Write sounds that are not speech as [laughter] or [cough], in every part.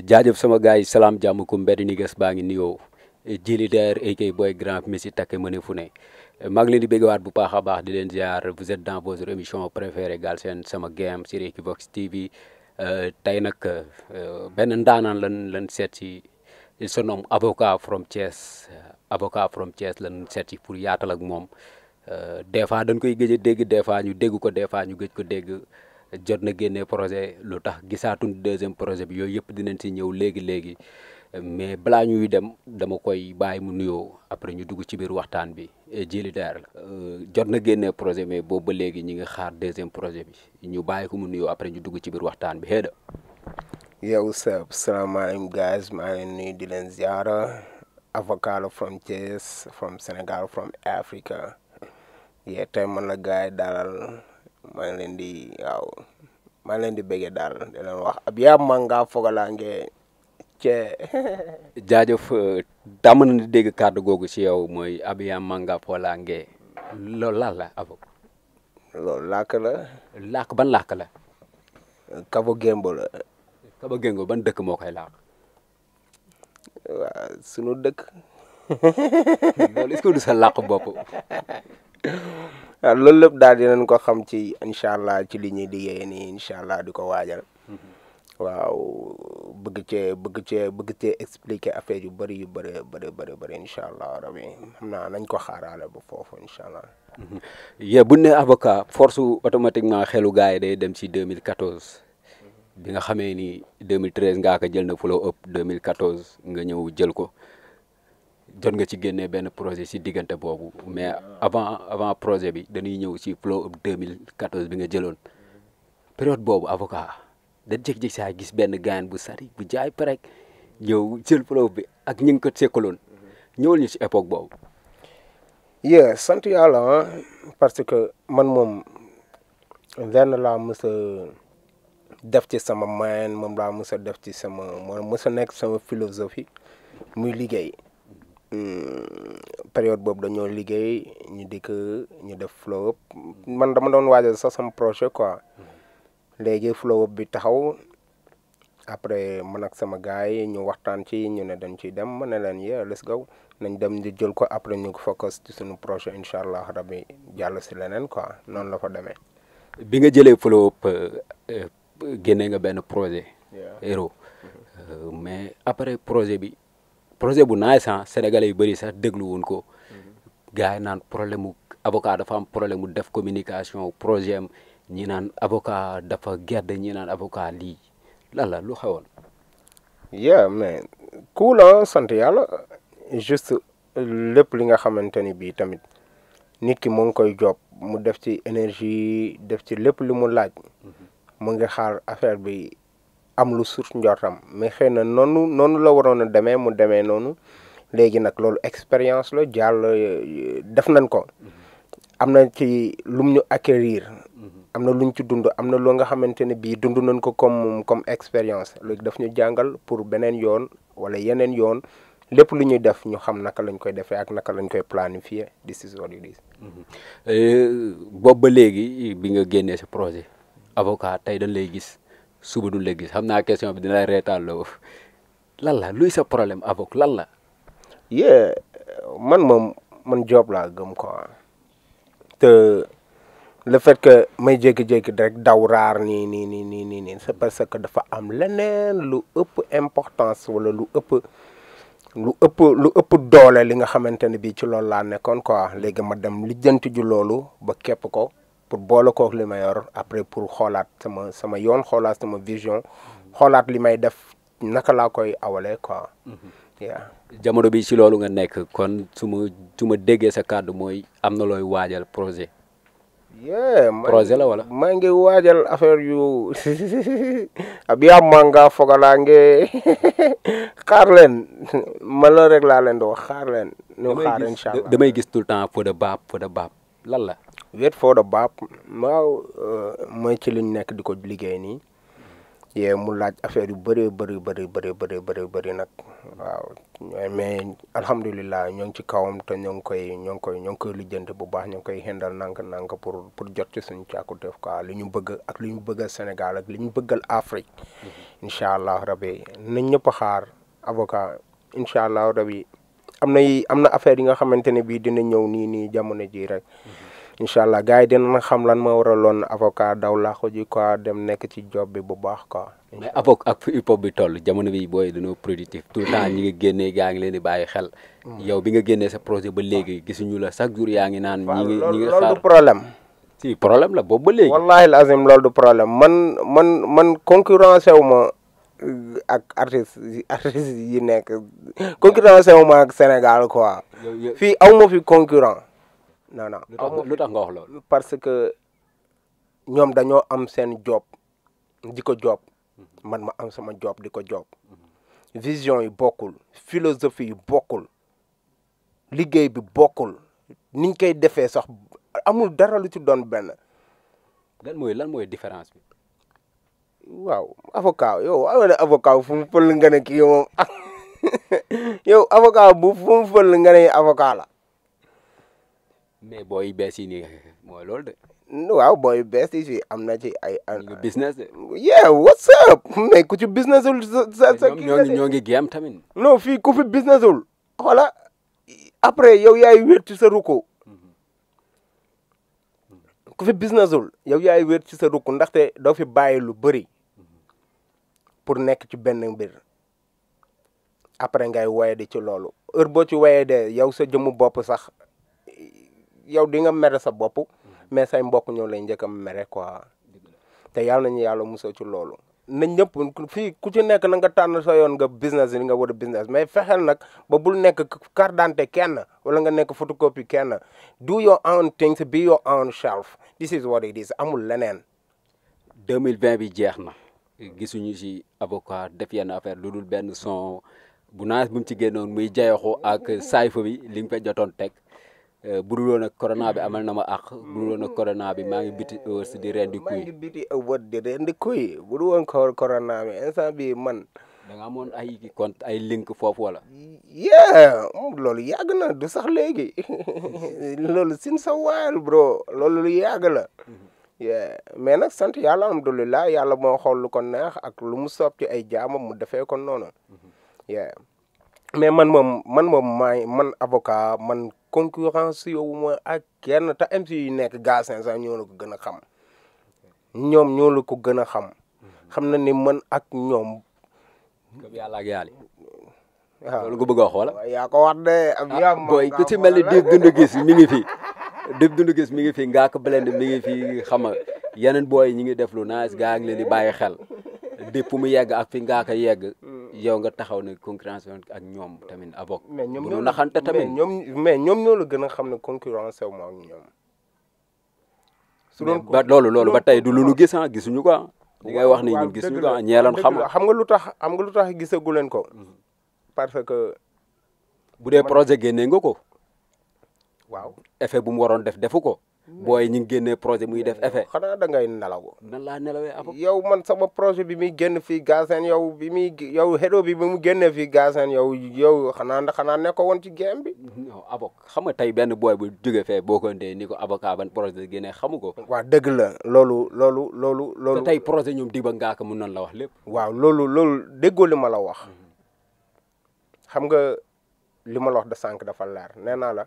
jaajëf sama gars yi salaam jàmm ku mbedd ni ges baa ngi nuyoo jili der ak boy grand Messi takke mëne fu ne maa leen di béggewaat bu baax a baax di leen ziar vous êtes dans votre émission préférée Galsen sama game sur Equivox TV euh, tey nag euh, benn ndaanaan lan lan seet si il se nomme avocat from Thiès avocat from Thiès lan seet si pour yaatal ak moom euh, des fois dañ koy gëj a dégg des fois ñu dégg ko des ñu gëj ko dégg jot na génne projet lu tax gisaatu deuxième projet bi yooyu yëpp dinañ si ñëw léegi léegi mais balaa ñuy dem dama koy bàyyi mu nuyoo après ñu dugg ci biir waxtaan bi Djily eh, Darr la euh, jot na génne projet mais boobu ba léegi ñi ngi xaar deuxième projet bi ñu bàyyi ko mu nuyoo après ñu dugg ci biir waxtaan bi xëy na. yow sëb salaamaaleykum guys maa ngi di leen ziara avocat la from Thiès from Sénégal from Africa yee tey man la gars yi dalal. maa leen di waaw leen di bëggee daal ab yaa manga fogalaange cee [laughs] jaajëf tàmm euh, na di dégg kàddu googu ci yow mooy ab yaa manga fogalaange loolu laal la abo loolu làkk ban làkk la kabo gémbo la ban dëkk moo koy làkk sunu dëkk hmm, loolu est-ce du sa làkk bopp [laughs] waaw lépp daal dinañ ko xam ci incha allah ci li ñuy liggéey nii incha allah di ko waajal. Mm-hmm. waaw bëgg cee bëgg cee bëgg cee expliquer yu bëri yu bëri bëri bëri bëri incha allah rabi xam naa nañ ko xaaraale ba foofu incha allah. Mm-hmm. yéen bu ne avocat force automatiquement xelu gars yi day dem ci 2014 mm-hmm. bi nga xamee ni 2013 ngaa ko jël na fu la ëpp 2014 nga ñëw jël ko. jot nga ci génne benn projet si diggante boobu mais avant avant projet bi dañuy ñëw si flow 2014 bi nga jëloon période boobu avocat da jékki-jékki saa gis benn gaayan bu sari bu jaay parek ñëw jël plo bi ak ñi ngi ko sekkaloon ñëwal ñu si époque boobu. yee sant yàlla ah, parce que man moom lenn laa mës def ci sama moyen moom laa mës def ci sama moo mës a nekk sama philosophie muy liggéey. Hmm, période boobu dañoo liggéey ñu dikk ñu def flow up man dama doon waajal sax sama projet quoi léegi flow bi taxaw après man ak sama gars yi ñu waxtaan ci ñu ne dañ ciy dem ma ne leen yeah let's go nañ dem di jël ko après ñu focus ci suñu projet incha allah rabi jàll si leneen quoi noonu la fa demee. bi nga jëlee flow up euh, génnee nga benn projet. Hero euh, mais après projet bi. projet bu naaj ah. sax sénégalais yu bëri sax déglu woon ko mm-hmm. gars naan problème mu avocat dafa am problème mu def communication projet am ñi naan avocat dafa gedd ñi naan avocat lii lan la lu xewoon. yeah mais ku la ah. sant yàlla juste lépp li nga xamante ni bii tamit nit ki mu ngi koy job mu def ci énergie def ci lépp lu mu laaj mm-hmm. mu ngi xaar affaire bi. am lu suuf njortam mais xëy na noonu noonu la waroon a demee mu demee noonu léegi nag loolu expérience la jàll def nañ ko am na ci lum ñu acquérir am na lu luñ ci dund am na loo nga xamante ne bii dund nañ ko comme comme expérience léegi daf ñu jàngal pour beneen yoon wala yeneen yoon lépp lu ñuy def ñu xam naka lañ koy defee ak naka lañ koy planifier this is what it euh, ba léegi bi nga génnee si projet avocat tey dañ lay gis. suba du la xam naa question bi dina la reetaan loo lan la luy sa problème avec lan la. yee man moom man job gëm ko te le fet que may jékki-jékki rek daw raar nii nii nii nii nii nii c'est parce que dafa am leneen lu ëpp importance wala lu ëpp lu ëpp lu ëpp doole li nga xamante ne bii ci loolu laa nekkoon quoi léegi ma dem lijjanti ju loolu ba képp ko. pour boole kook li ma yor après pour xoolaat sama sama yoon xoolaat sama vision xoolaat li may def naka laa koy awalee quoi. waaw mhm. jamono bi ci loolu nga nekk kon su ma su ma déggee sa kàddu mooy am na looy waajal projet. projet la wala maa ngi waajal affaire yu [laughs] abiya manga fogalaa nge [laughs] xaar leen ma la rek laa leen di wax xaar leen ñu xaar incha allah damay gis tout le temps fo de baab fo de baab lan la wait for the baap waaw euh, mooy ci liñ nekk di ko liggéey nii yee mu laaj affaire yu bëree bëri bëri bëri bëri nag waaw mais alhamdulilah ñoo ngi ci kawam te ñoo ngi koy ñoo ngi koy ñoo ngi bu baax ñoo ngi koy xendal nank nank pour pour jot ci suñu càkkutéef quoi li ñu bëgg ak li ñu bëggal Sénégal ak li ñu bëggal Afrique mm-hmm. incha allah rabi nañ ñëpp xaar avocat incha allah rabi am na am na affaire yi nga xamante ne bii dina ñëw nii nii jamono jii rek. Mm-hmm. incha allah gars yi dinañ xam lan moo waraloon avocat daw laaxu ji quoi dem nekk ci job bi bu baax quoi. mais avocat ak hip bi tol jamono bi booy dañoo productif tout le temps ñi nga génnee gaa ngi leen di xel. Mm. yow bi nga génnee sa projet ba léegi ñu la chaque jour yaa ngi naan. ñi ngi ñi nga xaar problème. si problème la boobu ba léegi. wallaahi lazim loolu du problème man man man concurrence wu ma euh, ak artiste [laughs] artiste yi nekk concurrence wu ma ak Sénégal quoi. fii aw fi concurrent non non lu tax nga wax loolu parce que ñoom dañoo am seen job di ko job mhm. man ma am sama job di ko job vision yi bokkul philosophie yi bokkul liggéey bi bokkul niñ koy defee sax amul dara lu ci doon benn. lan mooy lan mooy différence bi. waaw avocat yow waaw ne avocat fu fël nga ne kii [laughs] yow avocat bu fu fël nga ne avocat mais booy yu bees yi nii [laughs] loolu de. booy yu si am na ci ay. ñu business de. yeah what's up mais ci businessul sa sa kii ñoo ngi ñoo tamit. non fii ku fi businessul xoola après yow yaay wér ci sa ruko. ku fi businessul yow yaay wér ci sa ruko ndaxte doo fi bàyyi lu bari pour nekk ci benn mbir après ngay waye di ci loolu heure boo ci waye de yow sa jëmu bopp sax yow di nga mere sa bopp mais say mbokk ñoo lay njëkk a mere quoi te yàlla nañu yàlla musal ci loolu na ñëpp fii ku ci nekk na nga tànn sa yoon nga business li nga war a business mais fexeel nag ba bul nekk carte d'identité kenn wala nga nekk photocopie kenn do your own things be your own shelf this is what it is amul leneen mille 2020 bi jeex na gisuñu si avocat def yenn affaire lu dul benn son bu naas bu mu ci génnoon muy jayaxu ak saay fa bi li jotoon teg Eh, budul woon ak corona bi mm-hmm. amal na ma àq budul ak mm-hmm. corona bi maa ngi biti eh, si di rendi kuy. maa ngi biti eh, wër woon ko corona bi instant bi man. da nga amoon ay compte ay link foofu wala. yeah mm, loolu yàgg na du léegi [laughs] loolu sin sa waayal bro loolu lu yàgg la. Mm-hmm. mais nag sant yàlla alhamdulilah yàlla moo xool lu ko neex ak lu mu soob ci ay jaamam mu defee kon noonu. mais man moom man moom maay man avocat man concurrence yow ma ak kenn ta MC yu nekk gars 500 ñoo la ko gën a xam ñoom ñoo la ko gën a xam xam na ni man ak ñoom. gëm yàlla ak yàlla. waaw ah. loolu bëgg a wax wala. yaa ko wax de. ah booy ku ci mel ni Dip Doundou Guiss mi ngi fi Dip Doundou gis mi ngi fi Ngaaka Blindé mi ngi fi xam nga yeneen booy ñi ngi def lu nice gaa leen di bàyyi xel. di fu mu yegg ak fi ngaa ko yegg. Mm. yow nga taxaw ne concurrence ak ñoom tamit abok. mais ñoom ñoo naxante tamit ñoom mais ñoom ñoo la gën a xam ne concurrence ak ñoom. su doon ba loolu loolu ba tey du lu nu gis ah gisuñu ko ah. li ngay wax ni ñun gisuñu ko ah ñeelan xam xam nga lu tax xam nga lu tax gisagu leen ko. Mhm. que. bu dee projet génnee nga ko. waaw effet bu mu waroon def defu ko. booy ñu ngi génnee projet muy def effet. xanaa da ngay nelaw. nan laa nelawee yow man sama projet bi muy génn fii Galsen yow bi muy yow xedo bi bi mu génnee fii Galsen yow yow xanaa xanaa nekkoo woon ci game bi. non abok xam nga tey benn booy bu jóge fee boo ko ndee ni ko avocat ban projet génnee xamu ko. waaw dëgg la loolu loolu loolu. loolu te tey projet ñoom Diba Ngaaka mun nañ la wax lépp. waaw loolu loolu déggoo li ma la wax mm-hmm. xam nga li ma la wax sànq dafa leer nee naa la.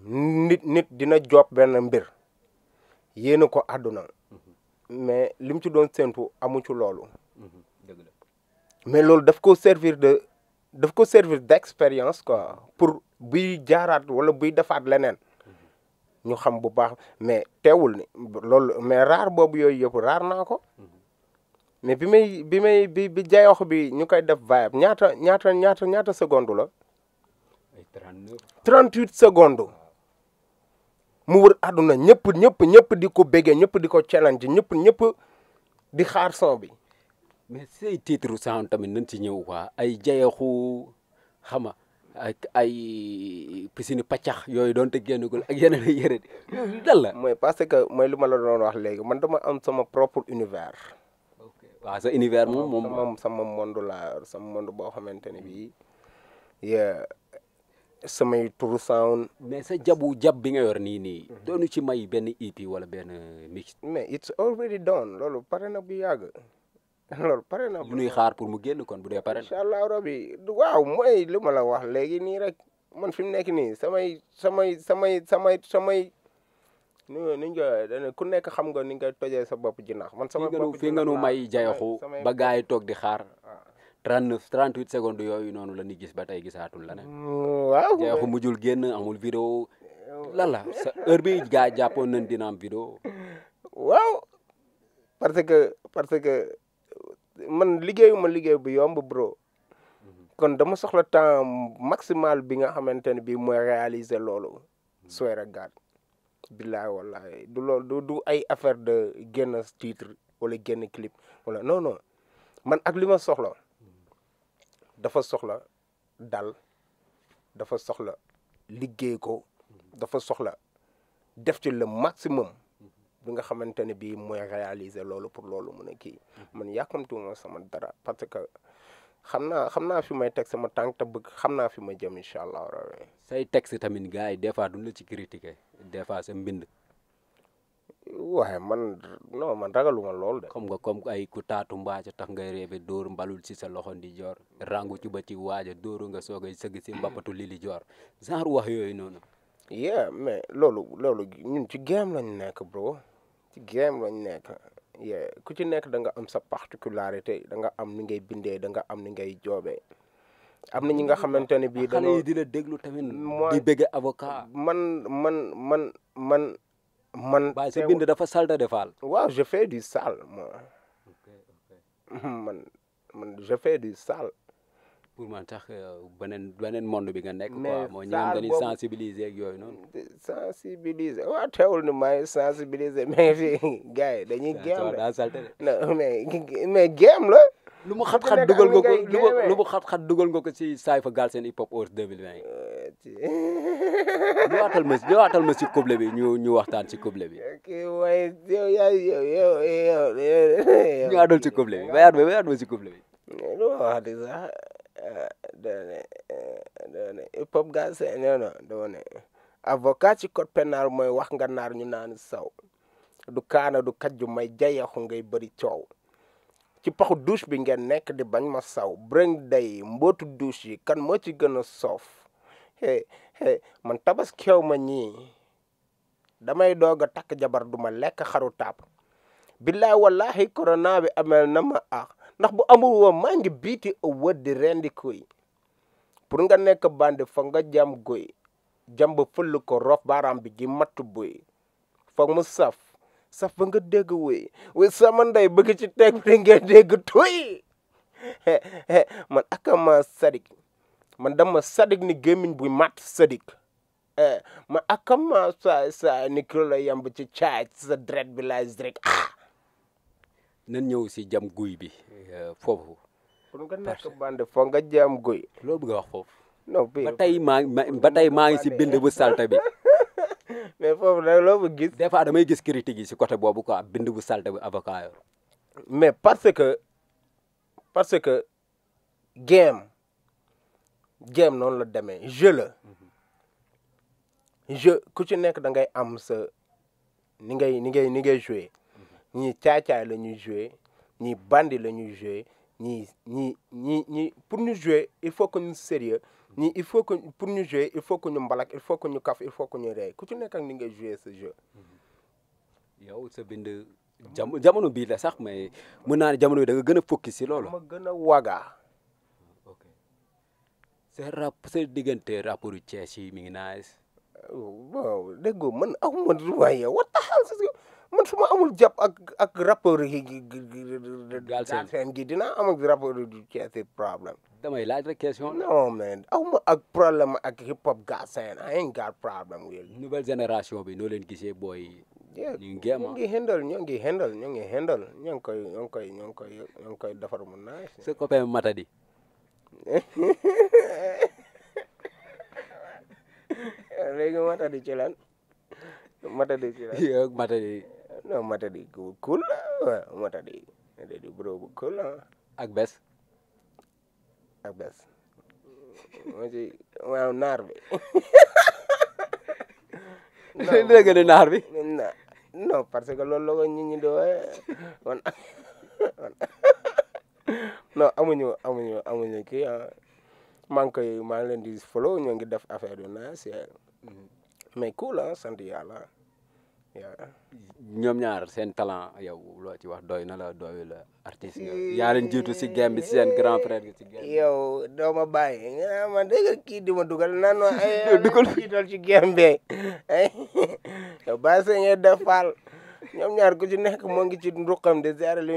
nit nit dina joob benn mbir yéena ko àdduna mais li mu ci doon séntu amu ci loolu mais loolu daf ko servir de daf ko servir d'expérience quoi pour buy jaaraat wala buy defaat leneen ñu xam bu baax mais teewul ni loolu mais raar boobu yooyu yëpp raar naa ko mais bi may bi may bi bi jayox bi ñu koy def vibe ñaata ñaata ñaata ñaata seconde la trent 38 secondes mu wër àdduna ñëpp ñëpp ñëpp di ko béggee ñëpp di ko challenge ñëpp ñëpp di xaar son bi. mais say titre sound tamit nañ ci ñëw quoi ay jayaxu xama ak ay piscine paccax yooyu doon te génnagul ak yeneen ay yére yooyu dal la. mooy parce que mooy lu ma la doon wax léegi man dama am sama propre univers. ok waaw sa univers moom sama sama monde la sama monde boo xamante ne bii. samay turu sound mais sa jabu jab bi nga yor nii nii. Mhm. doonu ci may benn EP wala benn mix. mais it's already done loolu pare na bu yàgg. [laughs] loolu pare na bu ñuy xaar pour mu génn kon bu dee pare na. incha allah rabi waaw mooy li ma la wax léegi nii rek man fi mu nekk nii samay samay samay samay samay. nu ni nga ku nekk xam nga ni nga tojee sa bopp jinax man sama bopp jinax fii nga nu may jayaxu ba gars yi toog di xaar. Ah. 39 38 secondes yooyu noonu la ñu gis ba tey gisaatul la ne. waaw mujjul génn amul vidéo lan la heure bi gaa jàppoon nañ dina am vidéo. waaw parce que parce que man liggéeyu ma liggéey bu yomb bro. kon dama soxla temps maximal bi nga xamante ne bii mooy réaliser loolu. swear ak gaal. billaay wallaay du loolu du ay affaire de génn titre wala génn clip wala non non man ak li soxla. dafa soxla dal dafa soxla liggéey ko dafa soxla def ci le maximum bi nga xamante ne bii mooy réaliser loolu pour loolu mun a kii man yàkkamtuwuma sama dara parce que xam naa xam naa fi may teg ma tànk te bëgg xam naa fi ma jëm incha allah. say texte tamit gars yi des fois duñ la ci critiquer des fois sa mbind. waaye man non man ragaluma lool de. xam nga comme ay ku taatu mbaaca tax ngay réebe dóor mbalul ci sa loxo di joor rangu ci ba ci waaja dóoru nga soogay sëgg si mbappatu [clears throat] li li joor genre wax yooyu noonu. yeah mais loolu loolu ñun ci game lañ nekk bro ci game lañ nekk ku ci nekk da nga am sa particularité da nga am ni ngay bindee da nga am ni ngay joobee. am na ñi nga xamante ne bii. dañoo xale yi dina déglu tamit. di bëgg avocat. man man man man. man waaye sa bind dafa salte de Fall. waaw je fais du sale moi. [laughs] man man du sal pour man tax euh, beneen beneen monde bi nga nekk. mais moo ñu dañuy sensibiliser ak yooyu noonu. sensibiliser waaw teewul ni maay sensibiliser [laughs] mais fii gars yi dañuy. géem la daa salte de. [laughs] la. lu mu xat-xat dugal nga ko lu mu xat-xat dugal nga ko si Saipha Galsen Hip Hop Awards 2020 ñu waatal ma si ñu waatal ma si couple bi ñu ñu waxtaan si couple bi. ok waaye yow yaa yow yow yow. ñu waatal si couple bi bayaat ma bayaat ma si couple bi. lu ma wax de sax doone eh, doone eh, Hip Hop Galsen non non doone avocat ci code pénal mooy wax nga naar ñu naan saw du kaana du kajju may jayaxu ngay bari coow. ci paxu douche bi ngeen nekk di bañ ma saw bring day mbootu douche yi kan moo ci gën a soof hey hey man tabaskeew ma ñii damay doog a takk jabar duma lekk xaru taab billaay wallahi corona bi amel na ma ah ndax bu amul woon maa ngi biiti wër di rendi koy pour nga nekk bandi fa nga jam goy jam ba fëll ko rof baaraam bi ji matt boy foog mu saf saf ba nga dégg woy woy sama ndey bëgg ci tek bi nga dégg toy man akama sadik man dama sadik ni gémmiñ buy mat sadik man akama saay saay ni kilo la yamb ci caaj sa dret bi laay rek ah nan ñëw si jam guy bi eh, foofu pour nga nga jam guy loolu bëgg wax foofu ba tey maa ngi si bind bu salte bi [laughs] mais foofu nag loo fa gis. des fois damay gis critique yi si côté boobu quoi bind bu salte bu avocat yor mais parce que parce que game game noonu la demee jeu la mhm. ku ci nekk da ngay am sa ni ngay ni ngay ni ngay joué mhm. ñii la ñuy joué ñii bandi la ñuy joué ñii ñii ñii ñii pour ñu il faut que ñu sérieux ñi il faut que pour ñu jouer il faut que ñu mbalak il faut que ñu kaf il faut que ñu rey ku ci nekk ak ni ngay jouer ce jeu. Mm-hmm. yow sa bind jamono bii la sax mais mën naa ne jamono bi da gën a focus si loolu. ma gën a waga. ok sa diggante rapportu Thiès yi mi ngi naan. man aw su amul jàpp ak ak rapport yi. Galsen Galsen gi dinaa am ak rapport du Thiès damay laaj rek question. non aw ma ak problème ak hip hop gaasen I ain't got problem nouvelle génération bi noo leen gisee booy. ñu ngi ah? ñu ngi handle ñu ngi handle ñu ngi handle ñu ngi koy ñu ngi koy ñu ngi koy ñu ngi defar mu naaj. sa copain Matadi. [laughs] léegi Matadi Matadi ci Matadi. non Matadi cool la Matadi Matadi bro bu cool la. ak bes. ak bes moo ci waaw naar bi. [laughs] dégg nga naar bi. parce que loolu la ko nit ñi di wooye man non amuñu amuñu amuñu kii ah. maa ngi koy maa ngi leen di follow ñoo ngi def affaire yu nice mm. mais cool ah sant yàlla. ñoom ñaar seen talent yow loo ci wax doy na la doy la artiste nga yaa leen si game bi seen grand frère gi si game bi. yow doo ah, kii di ma dugal nan [laughs] ci game bi [laughs] faal ñoom ñaar ku ci nekk moo ngi ci nduqam de ziare li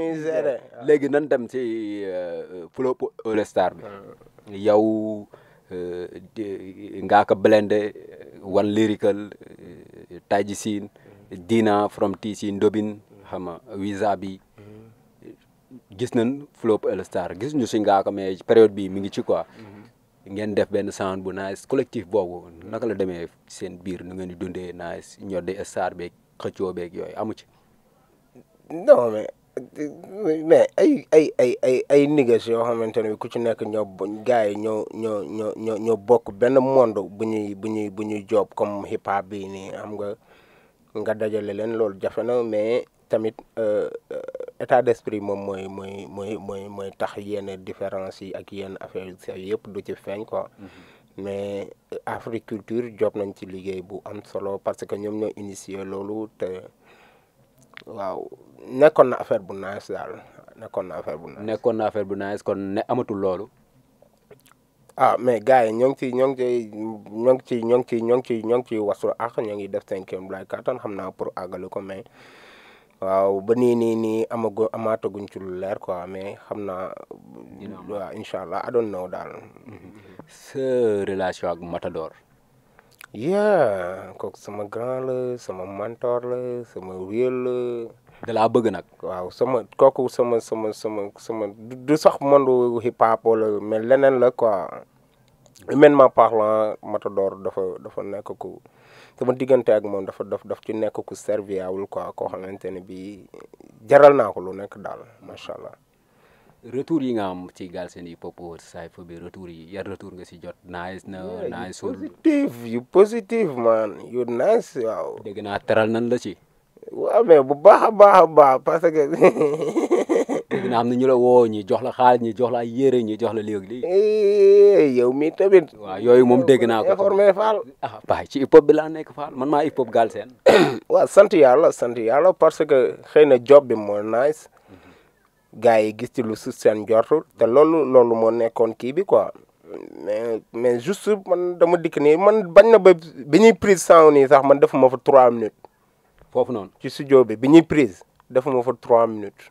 léegi nan dem si euh, flop All Star bi. Hmm. yow euh, Ngaaka Blindé euh, One Lyrical Taiji Scene. Dina from TC Ndobin xama visa bi gis nañ flop All Star gis ñu si ngaa ko mais période bi mi ngi ci quoi ngeen def benn sound bu nice collectif boobu naka la demee seen biir nu ngeen dundee nice ñodde star beeg xëccoo beeg yooyu amu ci non mais ay ay ay ay ay niggas yoo xamante ne ku ci nekk ñoo gars ño ñoo ñoo bokk benn monde bu ñuy ñuy bu job comme hip hop bii nii xam nga nga dajale leen loolu jafe na mais tamit euh, état d'esprit moom mooy mooy mooy mooy mooy tax yenn différence yi ak yenn affaire yi yëpp du ci feeñ ko mm-hmm. mais Africulture job nañ ci liggéey bu am solo parce que ñoom ñoo initié loolu te waaw nekkoon na affaire bu nice daal nekkoon na affaire bu nice. nekkoon na affaire bu nice kon ne amatul loolu. ah mais gars yi ñoo ngi ciy ñoo ngi ciy ñoo ngi ciy ñoo ciy ñoo ngi ñoo ngi ciy wasu ak ñoo ngi def seen kéem laay kattan xam naa pour àggali ko mais waaw ba nii nii nii amagu amaataguñ ci lu leer ko mais xam naa. waaw allah adoon don't daal. sa relation ak Matador. yeah kooku sama grand la sama mentor la sama wéel da bëgg nag. waaw sama kooku sama sama sama sama du sax monde hip hop wala mais leneen la quoi humainement parlant Matador dafa dafa nekk ku sama diggante ak moom dafa daf daf ci nekk ku serviable quoi koo xamante ne bii jaral naa ko lu nekk daal macha allah. retour yi nga am ci Galsen Hip Hop Cypher bi retour yi yan retour nga si jot nice na nice. yu positive yu positive man yu nice waaw. dégg naa teral nan la ci. waaw mais bu baax a baax a baax parce que. [laughs] dégg naa am na ñu la woo ñi jox la xaalis ñi jox la ay yére ñi jox la léegi lii. Eh, yow mi tamit. waaw yooyu moom dégg naa ko. informé Fall. ah baay ci hip hop bi laa nekk Fall man maa hip hop Galsen. [coughs] waaw sant yàlla sant yàlla parce que xëy na job bi moo nice. Mhm. gars yi gis ci lu su seen njort te loolu loolu moo nekkoon kii bi quoi. mais mais juste man dama dikk nii man bañ na ba bi ñuy prise sang nii sax man defuma fa trois minutes. foofu noonu. ci studio bi bi ñuy prise defuma fa trois minutes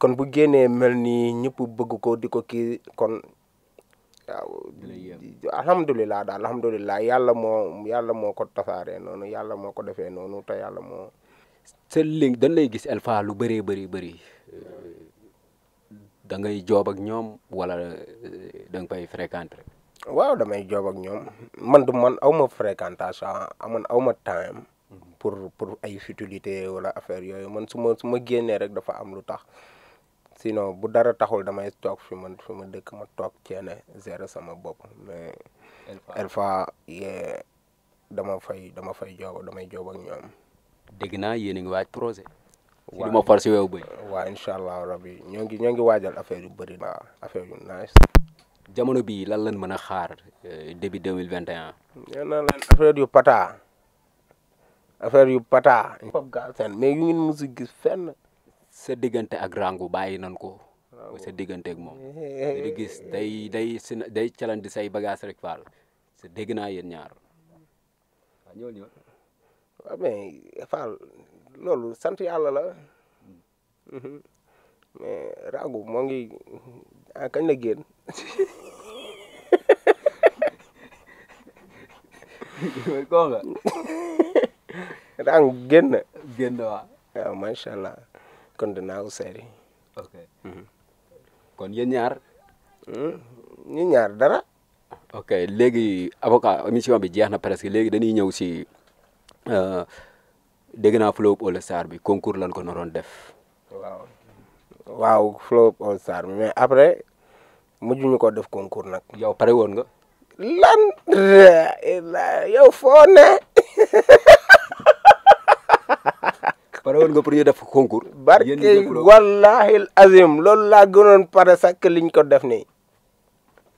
kon bu génnee mel ni ñëpp bëgg ko di ko kii kon waaw. daal alhamdulilah yàlla moo yàlla moo ko tasaaree noonu yàlla moo ko defee noonu te yàlla moo. sa link dañ lay gis Alpha lu bëree bëri bëri da ngay joob ak ñoom walla eh, da nga fay fréquenter. waaw damay ak ñoom. man man aw ma fréquentation aw ma time. pour pour ay futilité wala affaire yooyu man su ma su génnee rek dafa am lu tax sinon bu dara taxul damay toog fi man fi ma dëkk ma toog ceene gérer sama bopp mais Elfa yee dama fay dama fay joob damay joob ñoom dégg naa yéen a ngi waaj projet waaw ma far si incha allah rabi ngi ñoo ngi waajal affaire yu bëri na affaire yu nice jamono bii lan lañ mën a xaar euh, début 2021 nee naa leen affaire yu pata affaire yu pata pop gaal seen mais yu ngeen mës gis fenn. sa diggante ak rangu bàyyi nañ ko. sa diggante ak moom. di gis day day si say bagage rek faal. sa dégg naa yéen ñaar waaw ñëwal ñëwal. waaw sant yàlla la mm-hmm. ah, kañ la génn. [laughs] [laughs] rang génn. génn waaw. waaw macha allah kon dinaa ko mhm. kon yéen ñaar. Hmm? ñu ñaar dara. ok léegi avocat émission bi jeex na presque léegi dañuy ñëw si euh, dégg naa Flow All bi concours lan ko naroon def. waaw waaw Flow All Star mais après mu ñu ko def concours nag. yow pare woon nga. lan. yow foo ne. [laughs] pare woon nga pour ñu def concours. barke wallaahi azim loolu laa gënoon pare sak que liñ ko def nii.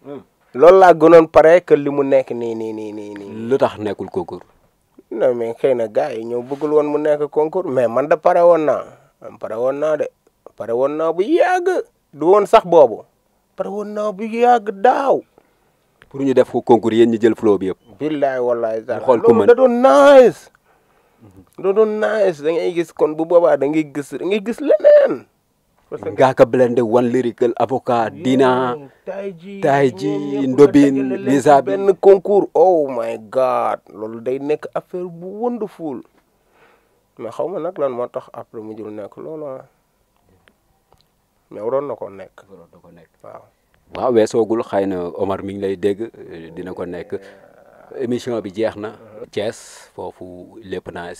Hmm. loolu laa gënoon pare que li mu nekk nii nii nii nii nii. lu tax nekkul concours. non mais xëy na gars yi ñoo bëggul mu nekk concours mais man da pare woon na man pare woon naa de pare woon na bu yàgg du woon sax boobu pare woon naa bu yàgg daaw. pour ñu def ko concours yéen ñu jël flow bi yëpp. billaay wallaay sax xool da doon nice. doo mm-hmm. doon nice da gis kon bu boobaa da ngay gis da ngay gis leneen. parce que Ngaaka Blinde One Lyrical avocat Dina. tay ji Ndobin visa oh my god loolu day nekk affaire bu wonderful mais xaw ma nag lan moo tax après mu jël nekk loolu ah. mais waroon na ko nekk. waroon na ko nekk waaw. waaw weesoogul xëy na Omar mi ngi lay dégg dina ko nekk. émission bi jeex na. Thiès foofu lépp naa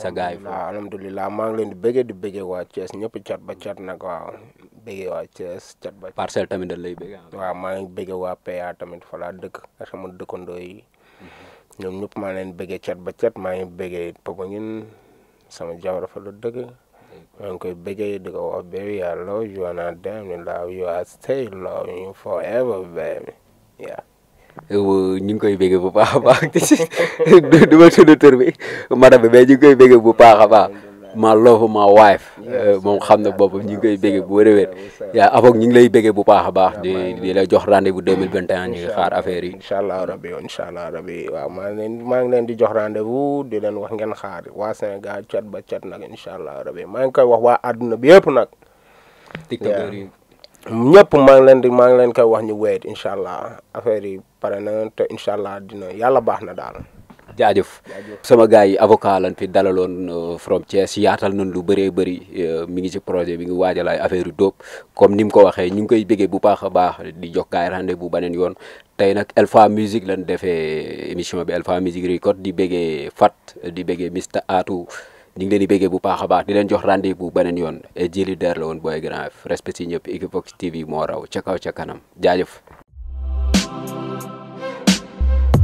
sa gaay foofu alhamdulilah maa ngi leen di bëggee di bëggee waa Thiès ñëpp cat ba cat nag waaw bëggee waa Thiès cat ba. tamit dañ lay bëggee. waaw maa ngi bëggee waa PA tamit fa laa dëkk ak sama dëkkandoo ñëpp maa leen bëggee cat ba cat maa ngi bëggee Popenguine sama jabar fa la dëkk. maa ngi koy bëggee di ko wax baby I love you and I damn love you I stay love you forever baby yeah ñu ngi koy bégg bu baax a baax du ma tudd tur bi madame bi mais ñu ngi koy bu baax a baax ma love ma wife moom xam na boppam ñu ngi koy bégg bu wér a wér yaa aboog ñu ngi lay bégg bu baax a baax di di la jox rendez-vous 2021 ñu ngi xaar affaire yi incha allah rabi incha allah rabi waaw maa ngi maa ngi leen di jox rendez-vous di leen wax ngeen xaar waa Sénégal cat ba cat nag incha allah rabi maa ngi koy wax waa àdduna bi yëpp nag tiktokeur yi ñëpp maa leen di maa ngi leen koy wax ñu wéet incha allah affaire yi pare na te incha allah dina yàlla baax na daal. jaajëf sama gars yi avocat lan fi dalaloon euh, from Thiès yaatal nan lu bëree bëri euh, mi ngi ci projet bi ngi waajal ay affaire yu dóob comme ni mu ko waxee ñu ngi koy bëggee bu baax a baax di jox gaay rendez-vous bu beneen yoon tey nag Alpha Musique lan defee émission bi Alpha Musique Record di bëggee Fat di bëggee Mr Atou ñu ngi leen béggee bu baax a baax di leen jox rendez-vous beneen yoon Djily Der la woon booy Grand Yoff respect si ñëpp Equivox TV moo raw ca kaw ca kanam jaajëf